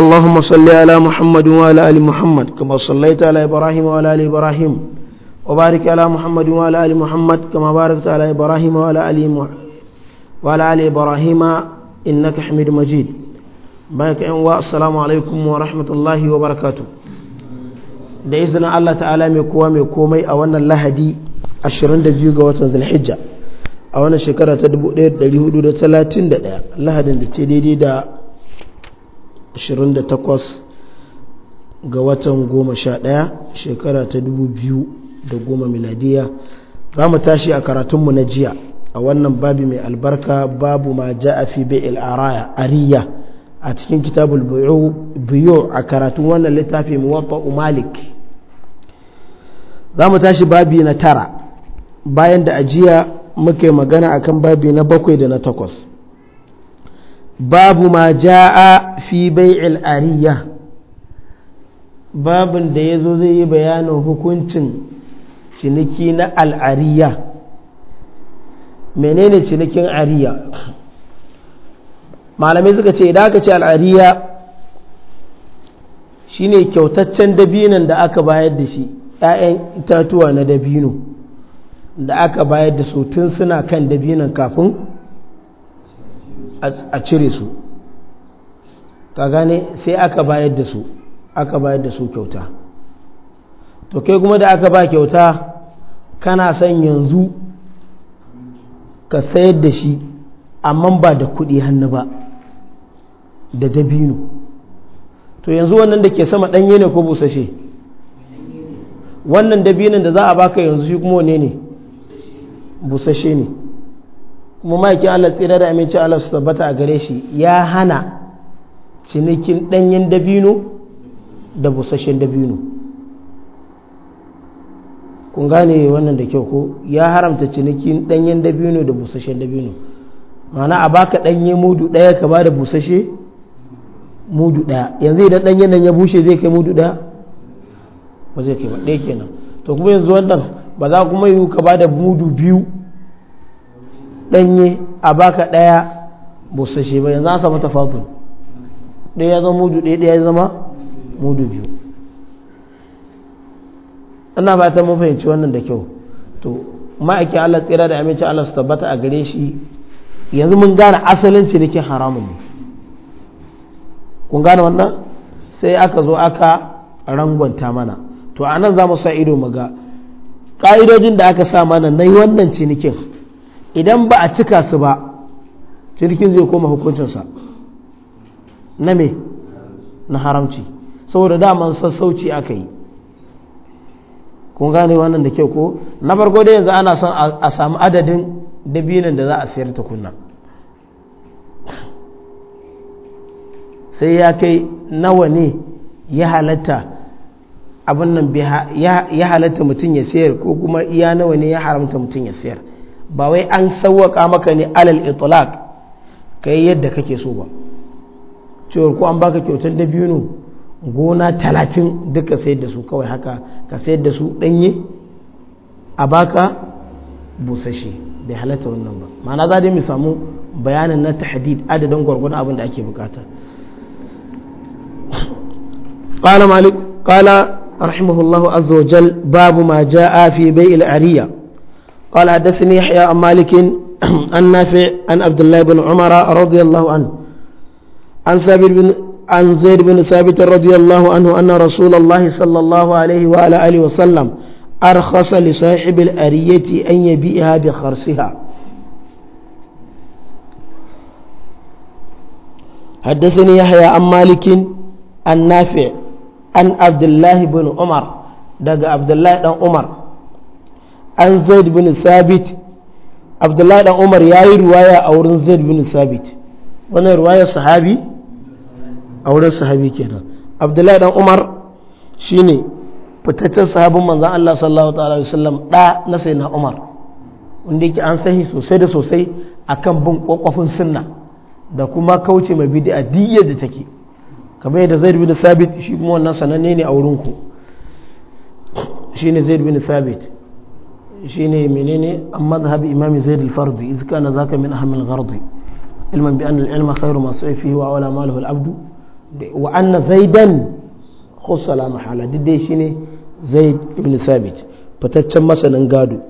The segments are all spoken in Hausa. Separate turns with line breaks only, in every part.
اللهم صل على محمد وعلى آل محمد كما صليت على إبراهيم وعلى آل إبراهيم وبارك على محمد وعلى آل محمد كما باركت على إبراهيم وعلى آل محمد وعلى آل إبراهيم إنك حميد مجيد بارك السلام عليكم ورحمة الله وبركاته da izinin Allah ta'ala mai kowa mai komai a wannan lahadi 22 ga watan zulhijja a wannan shekara ta 1431 lahadin da ce daidai da 28 ga watan 11 shekara ta 2010 miladiya za mu tashi a karatunmu na jiya a wannan babi mai albarka babu ma ja'a fi bai'il ariya a cikin kitabul biyo a karatun wannan littafi muwafa malik za mu tashi babi na tara bayan da ajiya muke magana akan babi na bakwai da na takwas babu ma ja'a fi bai'il ariya babin da ya zo zai yi bayanin hukuncin ciniki na al'ariya menene cinikin ariya malamai suka ce idan aka ce al'ariya shine kyautaccen dabinan da aka bayar da shi 'ya'yan itatuwa na dabino da aka bayar da su tun suna kan dabinan kafin a cire su ka gane sai aka bayar da su aka bayar da su kyauta to kai kuma da aka ba kyauta kana son yanzu ka sayar da shi amma ba da kuɗi hannu ba da dabino to yanzu wannan da ke sama ɗanye ne ko busashe wannan dabinon da za a baka yanzu shi kuma wane ne busashe ne kuma ma'aikin allah tsira da aminci allah su tabbata a gare shi ya hana cinikin ɗanyen dabino da busasshen dabino kun gane wannan da kyau ko ya haramta cinikin ɗanyen dabino da busasshen dabino mana a baka ɗanye mudu ɗaya ka ba da busasshe mudu ɗaya yanzu idan ɗanyen nan ya bushe zai kai mudu ɗaya ba zai kai ba ɗaya kenan to kuma yanzu wannan ba za kuma yi ka ba da mudu biyu ɗanye a baka ɗaya busasshe ba yanzu an samu tafadul ɗaya ya zama mudu ɗaya ya zama mudu biyu ina ba ta mun fahimci wannan da kyau to ma'aikin Allah tsira da aminci Allah su tabbata a gare shi yanzu mun gane asalin cinikin haramun ne kun gane wannan sai aka zo aka rangwanta mana to a nan za mu sa ido mu ga ƙa'idojin da aka sa mana na yi wannan cinikin idan ba a cika su ba cinikin zai koma hukuncinsa na me na haramci saboda daman sassauci aka yi kun gane wannan da kyau ko na farko da yanzu ana son a samu adadin dabinin da za a sayar tukunna sai ya kai nawa ne ya halatta abin nan ya halatta mutum ya sayar ko kuma iya nawa ne ya haramta mutum ya sayar ba wai an sauwaka maka ne alal ka kai yadda kake so ba cewar ko an baka kyautar da biyu gona talatin duka sayar da su kawai haka ka sayar da su ɗanye a baka busashe bai halatta wannan ba ma'ana za dai mu samu bayanin na tahdid adadin gwargwadon abin da ake bukata قال مالك قال رحمه الله عز وجل باب ما جاء في بيع العرية قال حدثني يحيى عن مالك عن نافع عن عبد الله بن عمر رضي الله عنه عن ثابت بن عن زيد بن ثابت رضي الله عنه أن رسول الله صلى الله عليه وعلى آله وسلم أرخص لصاحب الأرية أن يبيعها بخرسها حدثني يحيى عن مالك عن نافع عن عبد الله بن عمر دق عبد الله بن عمر عن زيد بن ثابت عبد الله بن عمر يا رواية أورن زيد بن ثابت وانا رواية صحابي auren sahabi kenan abdullahi dan umar shine fitaccen sahabin manzon Allah sallallahu ta'ala alaihi wasallam da na sai na umar wanda yake an sahi sosai da sosai akan bin kwakwafin sunna da kuma kauce mai bid'a diyyar da take kamar yadda zaid bin sabit shi kuma wannan sananne ne a wurin ku shine zaid bin sabit shine menene an madhhab imam zaid al-fardi iz kana zaka min ahmil ghardi ilman bi anna al-ilma khayru ma sa'i fihi wa ala malahu al-abdu wa anna zaidan khusala mahala duk dai shine zaid ibn sabit fitaccen masanin gado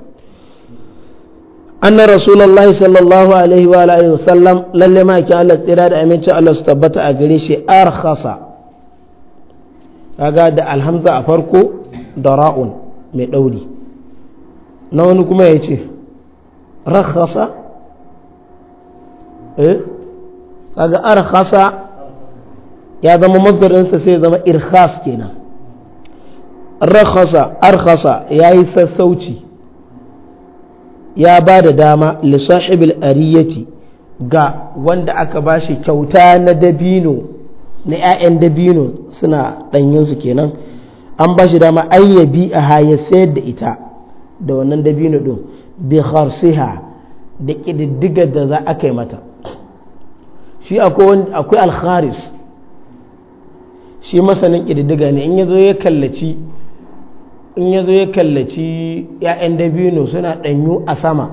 anna rasulullahi sallallahu alaihi wa alihi wasallam lalle ma ki Allah tsira da aminci Allah su tabbata a gare shi arkhasa kaga da alhamza a farko da ra'un mai dauri na wani kuma ya ce rakhasa eh kaga arkhasa ya zama masdarinsa sai zama irkhas kenan rakhasa arkhasa ya yi sassauci ya ba da dama lissahibil ariyati ga wanda aka ba shi kyauta na dabino na 'ya'yan dabino suna ɗanyensu kenan an bashi dama ayyabi a haya sayar da ita da wannan dabino ɗin bi kharsiha da ƙididdigar da za a kai mata shi akwai alkharis shi masanin ƙididdiga ne in ya zo ya kallaci in ya zo ya kallaci 'ya'yan dabino suna ɗanyu a sama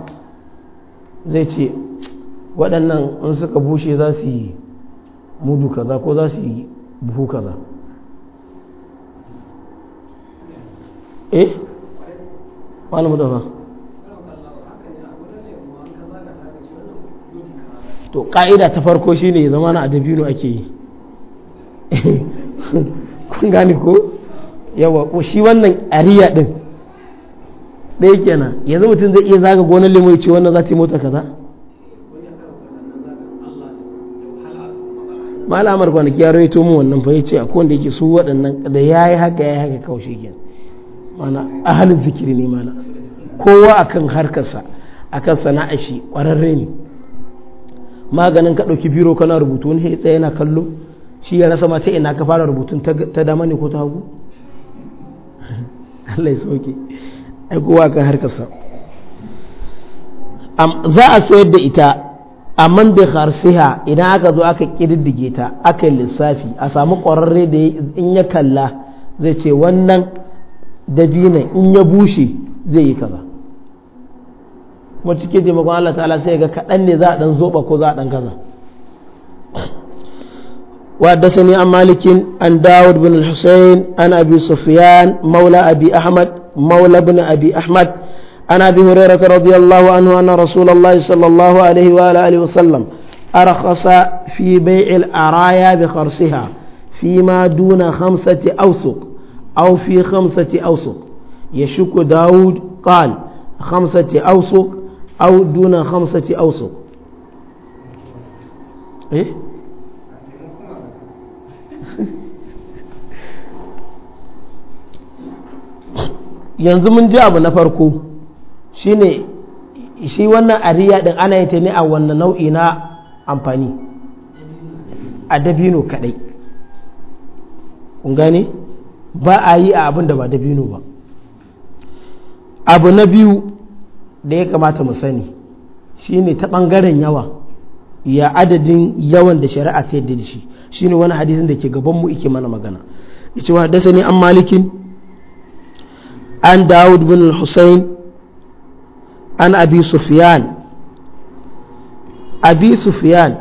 zai ce waɗannan in suka bushe za su yi mudu kaza ko za su yi buhu kaza eh wani mudafa to ƙa'ida ta farko ne zama na a dabino ake yi kun gane ko yawa shi wannan ariya din ɗaya kenan yanzu mutum zai iya zaga gonar lemo ya ce wannan za ta yi mota kaza malamar kwanaki ya rawaito mu wannan fa yace akwai wanda yake su waɗannan da yayi haka yayi haka kawai shi kenan mana ahalin zikiri ne mana kowa akan harkarsa akan sana'a shi ƙwararre ne maganin ka ɗauki biro kana rubutu wani ya tsaye yana kallo shi ya rasa mata ina ka fara rubutun ta dama ne ko ta hagu Allah ya sauke ai kowa ka za a sayar da ita amma bi kharsiha idan aka zo aka kididdige ta aka lissafi a samu ƙwararre da in ya kalla zai ce wannan dabinan in ya bushe zai yi kaza kuma cikin taimakon Allah ta'ala sai ga kaɗan ne za a ɗan zoɓa ko za a ɗan kaza وحدثني عن مالك عن داود بن الحسين عن أبي سفيان مولى أبي أحمد مولى بن أبي أحمد عن أبي هريرة رضي الله عنه أن رسول الله صلى الله عليه وآله وسلم أرخص في بيع الأرايا بخرصها فيما دون خمسة أوسق أو في خمسة أوسق يشك داود قال خمسة أوسق أو دون خمسة أوسق إيه؟ yanzu mun ji abu na farko shine shi wannan ariya din ana yi ta ne a wannan nau'i na amfani a dabino kadai kun gane ba a yi a abin da ba dabino ba abu na biyu da ya kamata mu sani shine ta bangaren yawa ya adadin yawan da shari'a ta yadda da shi shine wani hadisin da ke gaban mu ike mana magana ita wa hadasa ne an malikin عن داود بن الحسين عن أبي سفيان أبي سفيان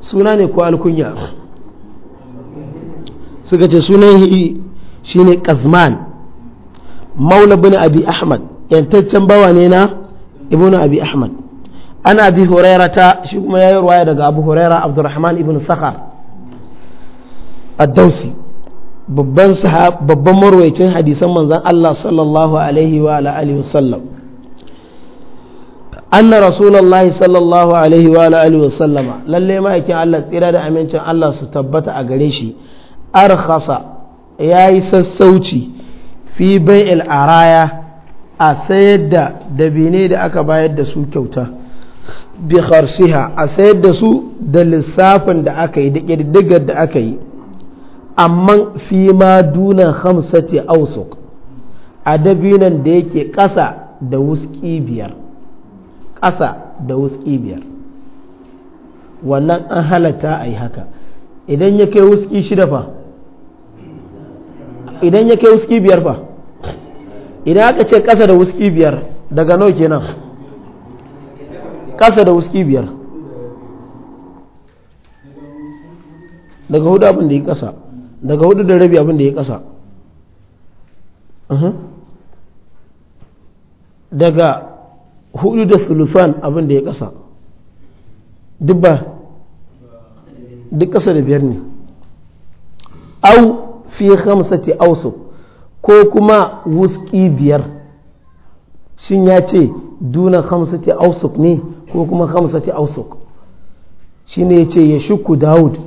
سناني كو الكنيا سكت سنانه شيني كذمان مولى بن أبي أحمد ينتجن بوانينا ابن أبي أحمد أنا أبي هريرة شو ما يروي أبو هريرة عبد الرحمن ابن صخر الدوسي babban babban marwaicin hadisan manzan Allah sallallahu alaihi wa alihi wasallam anna rasulullahi sallallahu alaihi wa alihi wasallama lalle ma'aikin Allah tsira da amincin Allah su tabbata a gare shi arkhasa yayi sassauci fi bai'il araya a sayar da dabine da aka bayar da su kyauta bi kharsiha a sayar da su da lissafin da aka yi da ƙididdigar da aka yi amma fi ma duna hamsati ausuk a dabinan da yake ƙasa da wuski biyar ƙasa da wuski biyar wannan an halatta a yi haka idan ya kai wuski shida fa idan ya kai wuski biyar fa idan aka ce ƙasa da wuski biyar daga nau kenan ƙasa da wuski biyar daga hudu abin da ya ƙasa daga hudu da rabi abin da ya kasa daga hudu da sulusan abin da ya kasa duk duk kasa da biyar ne au fi hamsati ausu ko kuma wuski biyar shin ya ce duna hamsati ausuk ne ko kuma hamsati shi shine ya ce ya shuku dawud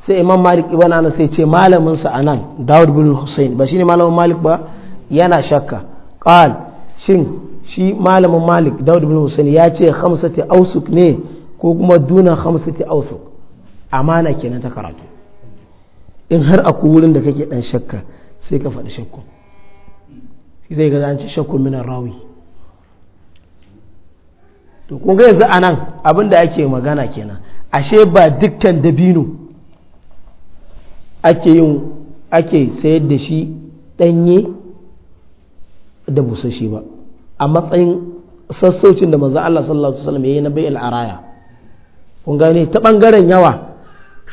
sai imam malik ibn anas sai ce malamin sa anan dawud bin husayn ba shine malamin malik ba yana shakka qal shin shi malamin malik dawud bin husayn ya ce khamsati ausuk ne ko kuma duna khamsati ausuk amana kenan ta karatu in har akwai wurin da kake dan shakka sai ka faɗi shakku sai zai ga an ce shakku minan rawi to kun ga yanzu anan abin da ake magana kenan ashe ba dukkan dabino ake yin ake sayar da shi ɗanye da busashi ba a matsayin sassaucin da manza Allah sallallahu alaihi wasallam yi na bai'il araya kun gane ta ɓangaren yawa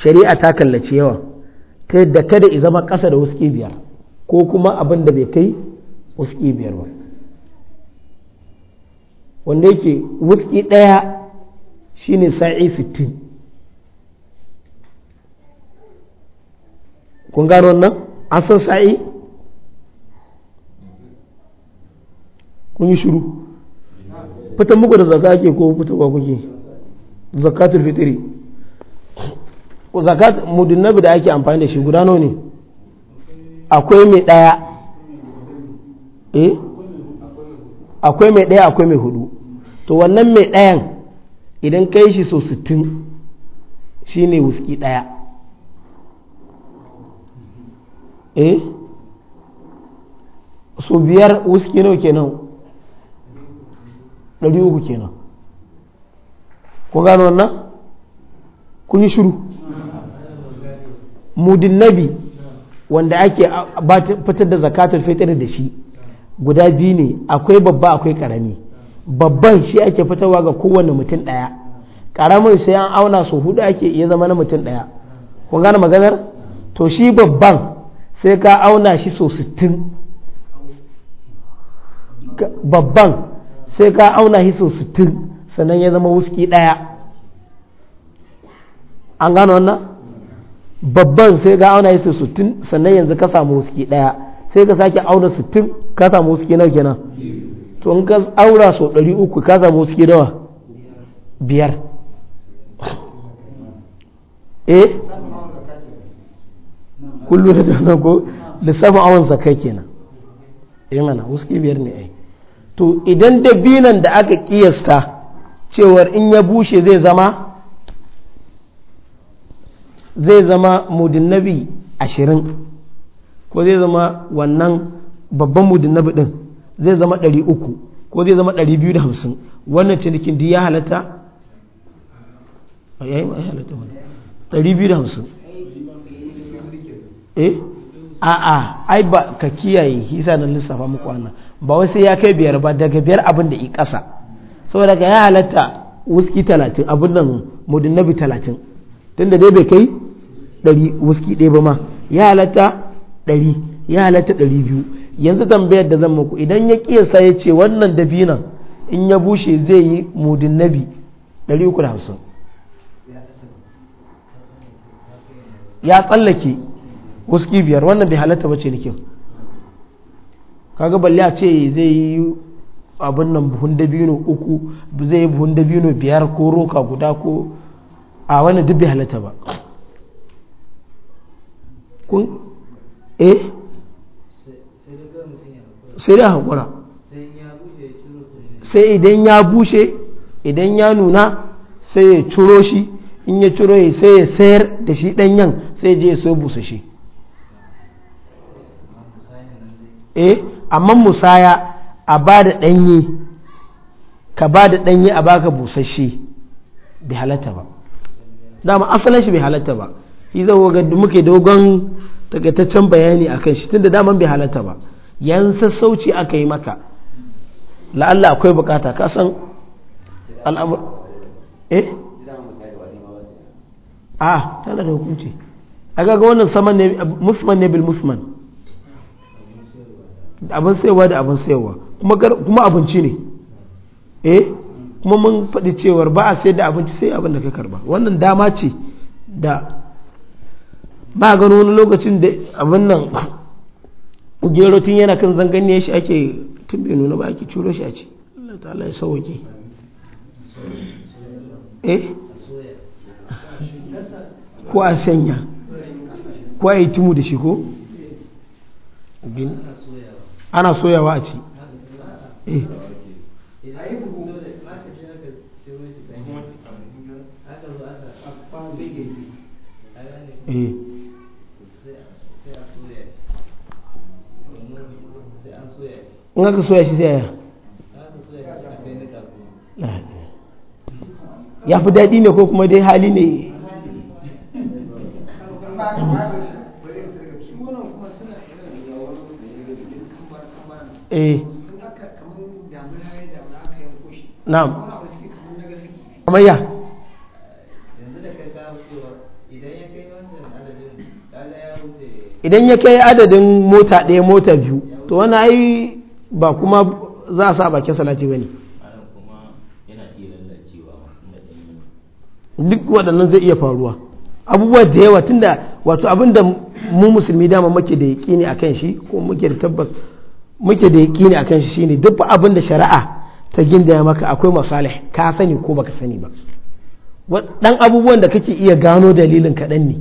shari'a ta kallaci yawa ta yadda kada i zama ƙasa da wuski biyar ko kuma abin da bai kai wuski biyar ba wanda yake wuski ɗaya shine sa'i sittin kun gano wannan an san sa'i kun yi shiru fitan muku da zaka ake ko ba kuke zakatul fitiri ko zakat mudunnabi da ake amfani da shi gudano ne akwai mai daya eh akwai mai daya akwai mai hudu to wannan mai dayan idan kai shi so 60 shine wuski daya eh su biyar wuski nawa kenan ɗari uku kenan kun gano wannan kun yi shiru mudin nabi wanda ake fitar da zakatar fitar da shi guda biyu ne akwai babba akwai karami babban shi ake fitarwa ga kowane mutum ɗaya karamin sai an auna su hudu ake iya zama na mutum ɗaya kun gano maganar to shi babban sai ka auna shi so sittin babban sai ka auna shi so sittin sannan ya zama wuski ɗaya an gano wannan babban sai ka auna shi so sittin sannan yanzu ka samu wuski ɗaya sai ka sake auna sittin ka samu wuski nawa kenan to in ka aura so ɗari uku ka samu wuski nawa biyar eh Kullum da jana ko lissafin awon zakai kenan ya eh mana wasu biyar ne ai to idan dabinan da aka kiyasta cewar in ya bushe zai zama zai zama nabi ashirin ko zai zama wannan babban nabi din zai zama ɗari uku ko zai zama ɗari biyu da hamsin wannan cinikin duk ya halatta A ya yi halatta wani ɗari biyu da hamsin eh a'a ai ba ka kiyaye hisa na lissafa muku wannan ba wai sai ya kai biyar ba daga biyar abin da i kasa saboda ga ya halatta wuski talatin abin nan mudunnabi talatin tunda dai bai kai ɗari wuski ɗaya ba ma ya halatta ɗari ya halatta ɗari biyu yanzu tambayar da zan muku idan ya kiyasa ya ce wannan dabinan in ya bushe zai yi mudunnabi ɗari uku da hamsin ya tsallake wasu biyar wannan bai halatta bace nikin kaga balle a ce zai yi abin nan buhun dabino uku zai yi buhun dabino biyar ko roka guda ko a wannan duk bai halatta ba kun eh sai dai haƙura sai idan ya bushe idan ya nuna sai ya ciro shi in ya ciro sai ya sayar da shi ɗanyen sai je ya so busa shi eh amma musaya a ba da ɗanye ka ba da ɗanye a baka busasshe bai halatta ba dama asalin shi bai halatta ba shi zai waga muke dogon takaitaccen bayani akan shi tunda daman bai halatta ba yan sassauci aka yi maka la'alla akwai bukata ka san al'amur eh a ah, tana da hukunci a ga wannan saman ne musman ne bil musman abin sayarwa da abin sayarwa kuma abinci ne eh kuma mun faɗi cewar ba a sayar da abinci sai abin da ka karba wannan dama ce da ba gano wani lokacin da abin nan gero tun yana kan ya shi ake tun bai nuna ba ake curo shi a ce Allah ta'ala ya sauke eh ko a sanya ko a yi timu da shi ko ana soyawa a ci eh. Eh. in aka soya shi sai ya fi daɗi ne ko kuma dai hali ne eh na'am idan ya kai adadin mota ɗaya mota biyu to wani ai ba kuma za a sa bakin salati ba ne duk waɗannan zai iya faruwa abubuwa da yawa tun da wato abinda mu musulmi dama muke da ne a kan shi ko muke da tabbas muke da yaƙini a kan shi ne duk abin da shari'a ta gindaya maka akwai masalih ka sani ko baka sani ba dan abubuwan da kake iya gano dalilin kaɗan ne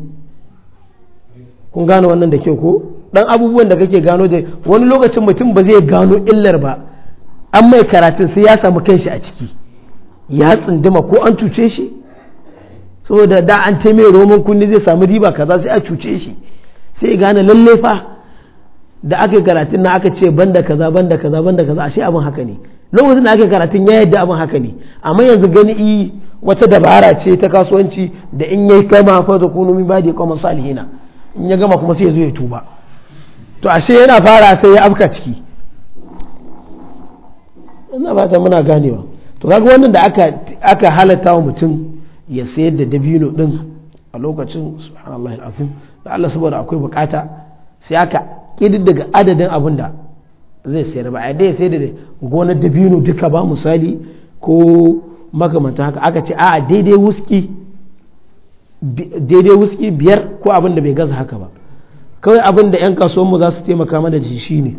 kun gano wannan da kyau ko dan abubuwan da kake gano da wani lokacin mutum ba zai gano illar ba an mai karatun sai ya samu kanshi a ciki ya tsindima ko an cuce shi saboda da an taimai roman kunni zai samu riba kaza sai a cuce shi sai gane lalle fa da aka karatun na aka ce banda kaza banda kaza banda kaza ashe abin haka ne lokacin da ake karatun ya yadda abin haka ne amma yanzu gani i wata dabara ce ta kasuwanci da in yayi kama fa da kunu min badi qawman salihina in ya gama kuma sai ya zo ya tuba to ashe yana fara sai ya afka ciki ina fata muna ganewa to kaga wannan da aka aka halatta wa mutum ya sayar da dabino din a lokacin subhanallahi alazim da Allah saboda akwai bukata sai aka daga adadin abin da zai sayar ba a yadda ya sayar da gona dabino duka ba misali ko makamanta haka aka ce a daidai wuski biyar ko abin da bai gaza haka ba kawai abin da 'yan kasuwanmu za su taimaka mana da shi ne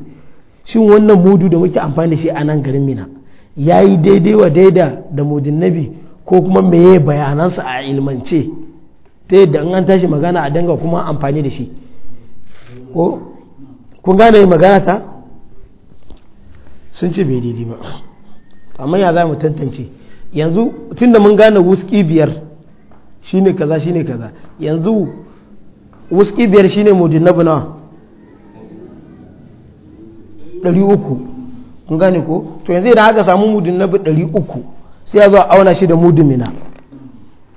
shin wannan mudu da muke amfani da shi a nan garin mina ya yi daidai wa daida da mudin nabi ko kuma meye bayanansa a ilmance ta yadda an tashi magana a danga kuma amfani da shi ko kun gane magana ta sun ce bai daidai ba amma ya za mu tantance yanzu tun da mun gane wuski biyar shine kaza shine kaza yanzu wuski biyar shine mudin na nawa ɗari uku kun gane ko to yanzu idan aka samu mudin na ɗari uku sai ya zo a auna shi da mudin mina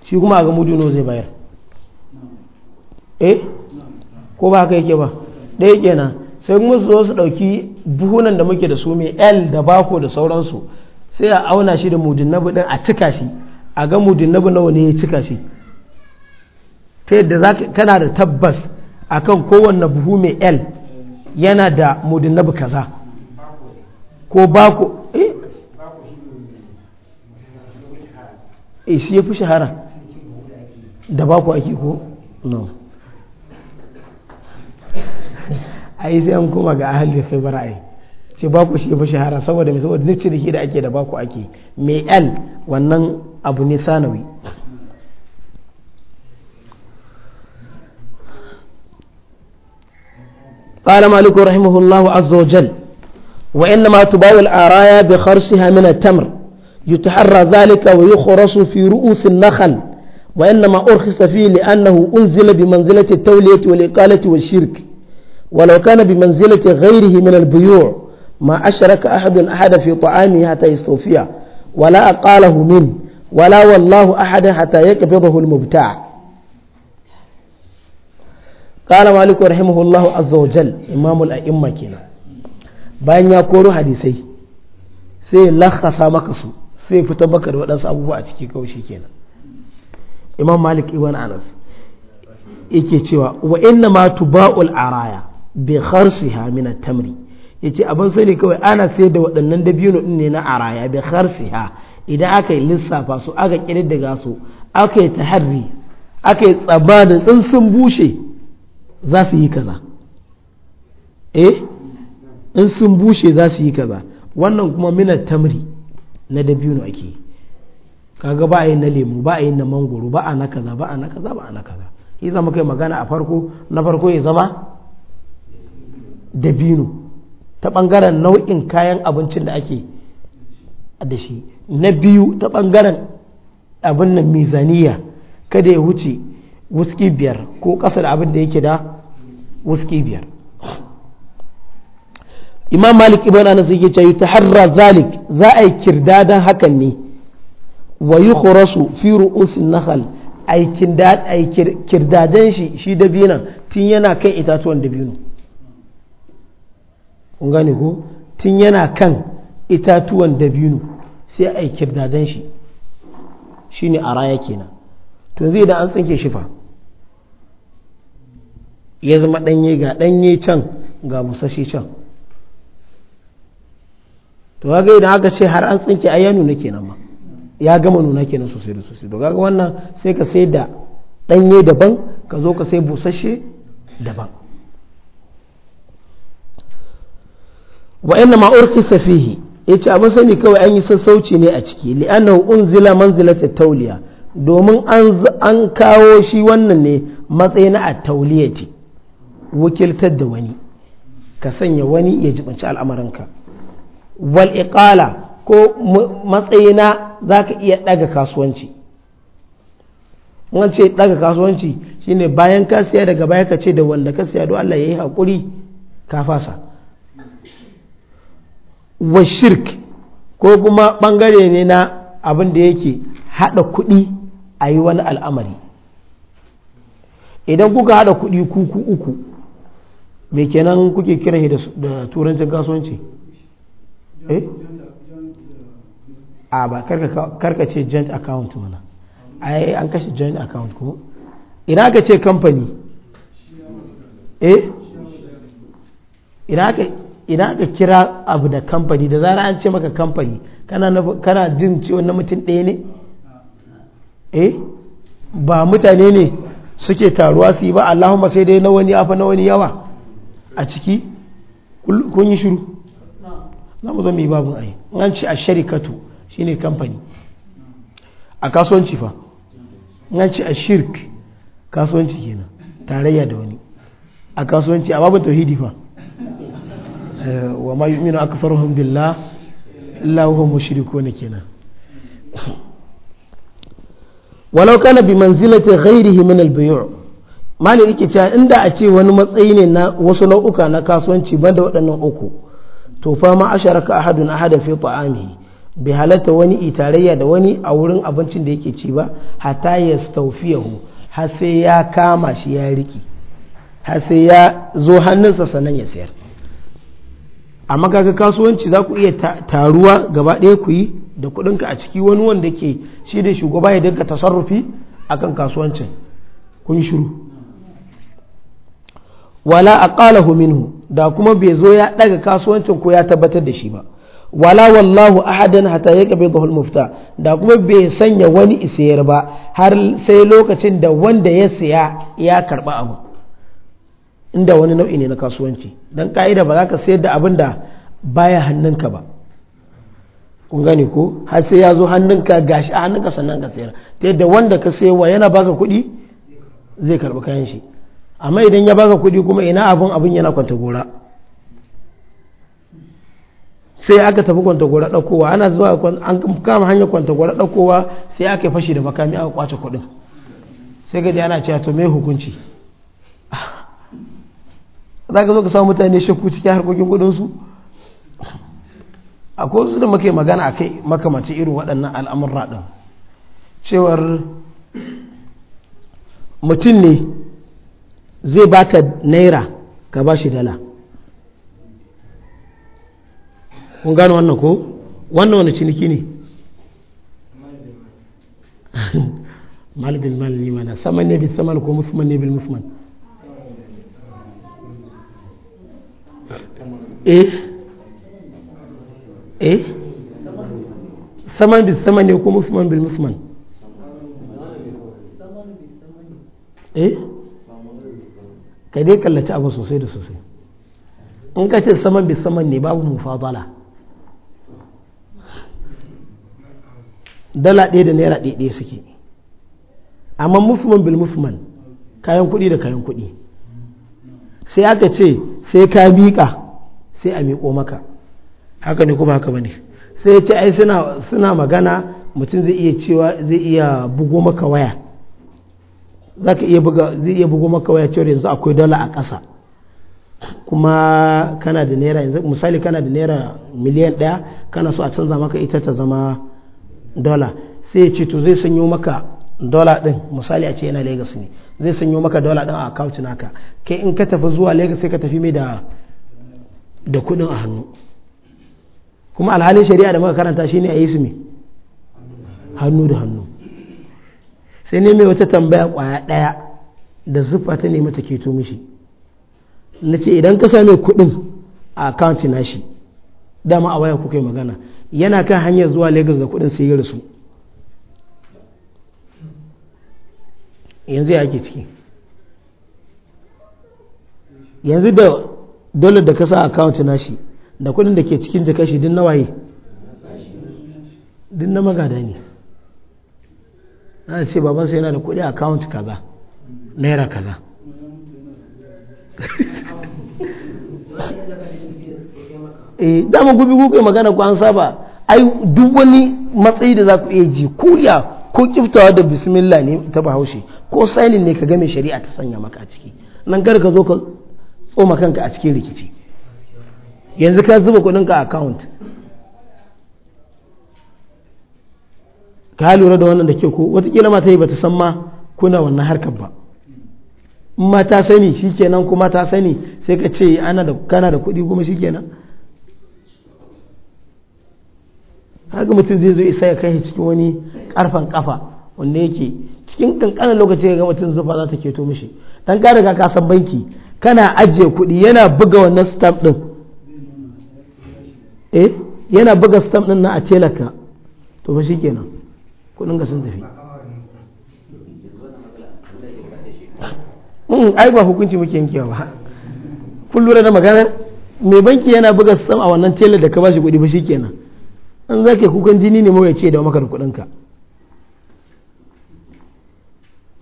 shi kuma a ga mudin zai bayar eh ko ba ka yake ba ɗaya kenan sai kuma su zo su ɗauki buhunan da muke da su mai l da bako da sauransu sai a auna shi da mudinnabu ɗin a cika shi a ga mudinnabu nawa ne ya cika shi ta yadda kana da tabbas a kan kowanne buhu mai l yana da mudinnabu kaza ko bako eh? eh shi ya fi shahara da bako ake ko no ai sai an koma ga ahalin khibar ai sai ba ku shi fi shahara saboda mai saboda nici da da ake da ba ku ake mai al wannan abu ne sanawi قال مالك رحمه الله عز وجل وإنما تباوى الآرايا بخرسها من التمر يتحرى ذلك ويخرس في رؤوس النخل وإنما أرخص فيه لأنه أنزل بمنزلة التولية والإقالة والشرك ولو كان بمنزلة غيره من البيوع ما أشرك أحد أحد في طعامه حتى يستوفيه ولا أقاله منه ولا والله أحد حتى يقبضه المبتاع قال مالك رحمه الله عز وجل إمام الأئمة كنا بأن يقولوا حديثي sai lakasa maka su sai fita baka da waɗansu abubuwa a ciki kawai shi kenan imam malik ibn anas yake cewa wa inna ma tuba'ul araya bi kharsiha min at-tamri yace abin sani kawai ana sayar da waɗannan dabino din ne na araya bi kharsiha idan aka yi lissafa su aka da su aka yi taharri aka yi tsabanin in sun bushe za su yi kaza eh in sun bushe za su yi kaza wannan kuma at tamri na dabino ake kaga ba a yi na lemu ba a yi na mangoro ba a na kaza ba a na kaza ba a na kaza yi zama kai magana a farko na farko ya zama dabino ta ɓangaren nau'in kayan abincin da ake da shi na biyu ta ɓangaren abin nan mizaniya kada ya wuce wuski biyar ko ƙasa da abin da yake da wuski biyar imam malik ibn anas yake cewa taharra zalik za a yi kirdadan hakan ne wa yukhrasu fi ru'usin nakhal aikin da kirdadan shi shi dabinan tun yana kan itatuwan dabino kun gane ko tun yana kan itatuwan dabino sai a yi kirdadan shi shine a raya kenan to zai da an tsinke shi fa ya zama ɗanye ga ɗanye can ga musashi can to ga idan aka ce har an tsinke a ya nuna kenan ma ya gama nuna kenan sosai da sosai to ga wannan sai ka sai da ɗanye daban ka zo ka sai busashe daban wa inna ma urkhisa fihi yace abin sani kawai an yi sassauci ne a ciki li'annahu unzila ta tauliya domin an kawo shi wannan ne matsayi a tawliyati wakiltar da wani ka sanya wani ya jibanci al'amarinka wal iqala ko matsayi na zaka iya ɗaga kasuwanci wance daga kasuwanci shine bayan ka siya daga baya ka ce da wanda ka siya don Allah yayi hakuri ka fasa wa shirk ko kuma bangare ne na abin da yake hada kuɗi a yi wani al'amari idan kuka hada kuɗi kuku uku me kenan kuke kiran da turancin kasuwanci eh a ba karka ce joint account mana ai an kashe joint account ko ina ka ce kamfani eh ina ka idan aka kira abu da kamfani da zara an ce maka kamfani kana jin ciwon na mutum ɗaya ne eh ba mutane ne suke taruwa su yi ba allahumma sai dai na wani afa na wani yawa a ciki kun yi shiru za mu zo mai babu ai an ce a sharikatu shine kamfani a kasuwanci fa an ce a shirk kasuwanci kenan tarayya da wani a kasuwanci a babu tauhidi fa Eh, wa ma yu'minu akfaruhum billah illa huwa mushrikun kenan walau kana bi manzilati ghayrihi min al-bayu' mali yake cewa inda a ce wani matsayi ne na wasu nau'uka na kasuwanci banda waɗannan uku to fa ma asharaka ahadun ahada fi ta'amihi bai halatta wani itarayya da wani a wurin abincin da yake ci ba hatta ya staufiyahu har sai ya kama shi ya riki har sai ya zo hannunsa sanan ya sayar a kaga kasuwanci za ku iya taruwa gaba ɗaya ku yi da kuɗinka a ciki wani wanda ke shi da shugaba ya dinka tasarrufi kan kasuwancin kun shiru wala ƙala minhu da kuma bai zo ya ɗaga kasuwancin ko ya tabbatar da shi ba wala wallahu ahadan hatta kabe ga mufta da kuma bai sanya wani isayar ba har sai lokacin da wanda ya saya ya karba abu inda wani nau'i ne na kasuwanci don ka'ida ba za ka sayar da abin da baya hannunka ba kun gane ko har sai ya zo hannunka gashi a hannunka sannan ka sayar ta yadda wanda ka sayarwa yana baka kuɗi zai karɓi kayan shi amma idan ya baka kuɗi kuma ina abin abin yana kwanta gora sai aka tafi kwanta gora ɗaukowa ana zuwa an kama hanyar kwanta gora ɗaukowa sai aka yi fashi da makami aka kwace kuɗin sai ka ana cewa to me hukunci za ka zo ka samu mutane shakku cikin harkokin kudinsu akwai wasu da yi magana a kai makamacin irin waɗannan al'amurra ɗin cewar mutum ne zai baka naira ka ba shi dala kun gano wannan ko wannan wani ciniki ne malibin malibin mana saman ne bi saman ko musamman ne bil musamman eh eh saman bi saman ne ko musman bil musman eh ka dai kallaci abu sosai da sosai in ka ce saman bi saman ne babu mufadala dala ɗaya da naira ɗaya suke amma musman bil musman kayan kuɗi da kayan kuɗi sai aka ce sai ka miƙa sai a miƙo maka haka ne kuma haka bane sai ya ce ai suna magana mutum zai iya cewa zai iya bugo maka waya zaka iya buga zai iya bugo maka waya cewa yanzu akwai dala a ƙasa kuma kana da naira yanzu misali kana da naira miliyan ɗaya kana so a canza maka ita ta zama dola sai ya ce to zai sanyo maka dola ɗin misali a ce yana Legas ne zai sanyo maka dola ɗin a account naka kai in ka tafi zuwa Legas sai ka tafi mai da da kudin a hannu kuma alhalin shari'a da muka karanta shine a yi su hannu da hannu sai ne mai wata tambaya kwaya daya da zufa ta nemi ta keto mishi na ce idan ka same kudin a na nashi dama a waya kuka yi magana yana kan hanyar zuwa lagos da kudin sai ya rasu yanzu ya ake ciki yanzu da dole da ka sa account nashi da kudin da ke cikin jaka shi din nawaye din na magada ne na ce sai yana da kudi account kaza naira kaza eh dama gubi gubi magana ku an saba ai duk wani matsayi da za ku iya ji kuya ko kiftawa da bismillah ne ta bahaushe ko sainin ne ka game shari'a ta sanya maka a ciki nan gar ka zo ka tsoma kanka a cikin rikici yanzu ka zuba kudinka a account ka lura da wannan da ke ko watakila mata yi ba ta san ma kuna wannan harkar ba in ma ta sani shikenan kuma ta sani sai ka ce ana da kana da kuɗi kuma shikenan haka mutum zai zo isa ya kai cikin wani karfan kafa wanda yake cikin kankanin lokaci ga mutum zufa za ta keto mishi dan ka riga ka san banki kana ajiye kuɗi yana buga wannan stamp ɗin eh yana buga stamp ɗin na a telaka to fa shikenan kuɗin ga sun tafi hmm, ai ba hukunci muke yankewa ba kun lura da magana mai banki yana buga stamp a wannan tela da ka bashi kuɗi ba shikenan an zake kukan jini ne ce da maka da kuɗinka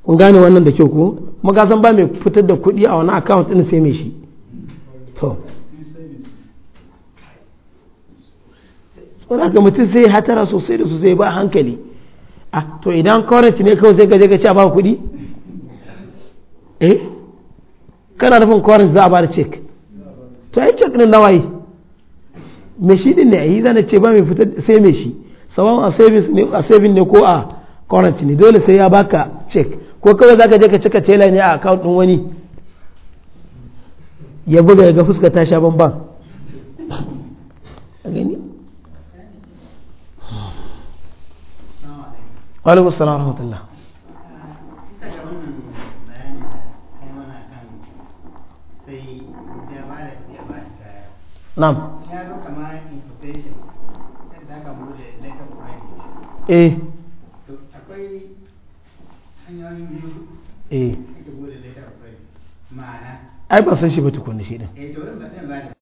kun gane wannan da kyau ko kuma ka san ba mai fitar da kuɗi a wani account ɗin sai mai shi to tsora ga mutum sai hatara sosai da sosai ba hankali ah to idan current ne kawai sai ka je ka ci ba kuɗi eh kana nufin current za a ba da check to ai check din nawaye me shi din ne yi zan ce ba mai fitar sai mai shi sabon a savings a saving ne ko a current ne dole sai ya baka check ko kawai za ka je ka cika tela ne a account ɗin wani ya buga ya ga fuska ta sha bamban a gani alaikum salam rahmatullah na'am eh eh ai ba san shi ba tukunna shi din eh,